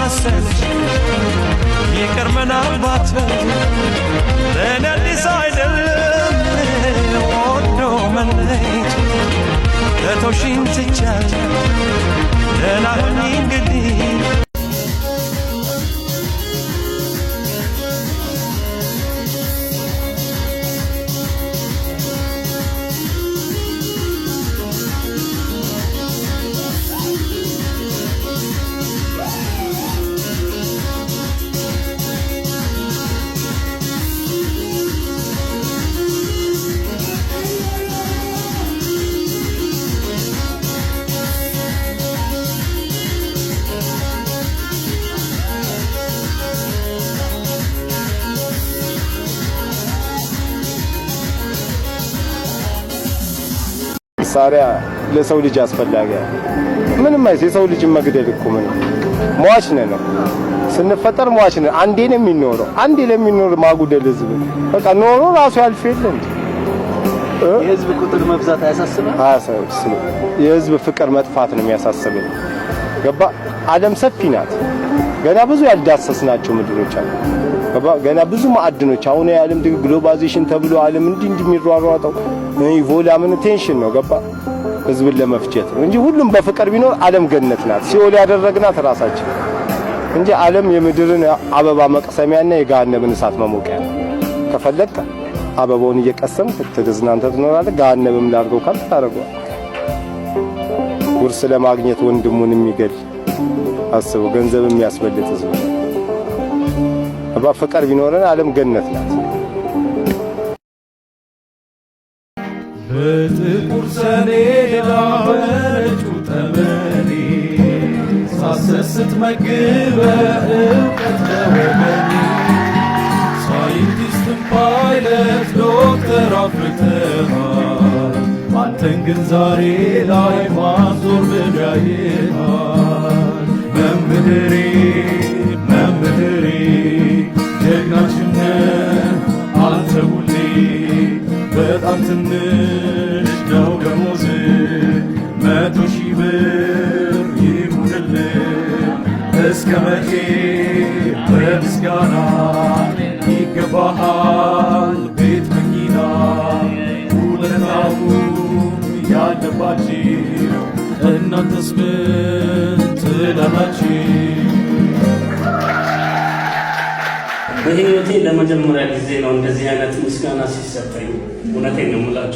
መሰለሽ ይቅርመን አባት ለእኔ አዲስ አይደለም ወዶ መለየት ለተውሽን ትቻት ደህና ሁኚ እንግዲህ መሳሪያ ለሰው ልጅ አስፈላጊ ምንም አይሰ የሰው ልጅ መግደል እኮ ምን ሟች ነን ስንፈጠር ሟች ነን። አንዴ ነው የሚኖረው። አንዴ ለሚኖር ማጉደል ህዝብ በቃ ኖሮ ራሱ ያልፍ የለ የህዝብ ቁጥር መብዛት አያሳስብም። የህዝብ ፍቅር መጥፋት ነው የሚያሳስበኝ። ገባ። ዓለም ሰፊ ናት። ገና ብዙ ያልዳሰስናቸው ምድሮች አሉ። ገና ብዙ ማዕድኖች አሁን የዓለም ድግ ግሎባሊዜሽን ተብሎ ዓለም እንዲህ እንዲህ የሚሯሯጠው ኢቮላ ምን ቴንሽን ነው ገባ ህዝብን ለመፍጀት ነው እንጂ ሁሉም በፍቅር ቢኖር ዓለም ገነት ናት። ሲኦል ያደረግናት ራሳችን እንጂ ዓለም የምድርን አበባ መቅሰሚያና የገሃነምን እሳት መሞቂያ ነው። ከፈለግ አበባውን እየቀሰም ተዝናንተ ትኖራለህ። ገሃነምም ላድርገው ካል ታደርገዋል። ውርስ ለማግኘት ወንድሙን የሚገል አስበው፣ ገንዘብ የሚያስበልጥ ህዝብ አባ ፈቃድ ቢኖረን ዓለም ገነት ናት። በጥቁር ሰሌዳ በረጩ ጠመኔ ሳሰስት መግበ እውቀት ለወገኔ ፓይለት ዶክተር አፍርተሃል አንተን ግን ዛሬ ላይ ማዞር ብዳይሃል መምህሬ በጣም ትንሽ ነው ደሞዝ መቶ ሺህ ብር ይሁንልን እስከ መቼ በምስጋና ይገባሃል ቤት መኪና ሁለታውን ያለባችሁ እናንተስ ምን ትላላችሁ? በህይወቴ ለመጀመሪያ ጊዜ ነው እንደዚህ አይነት ምስጋና ሲሰጠኝ። እውነቴን ነው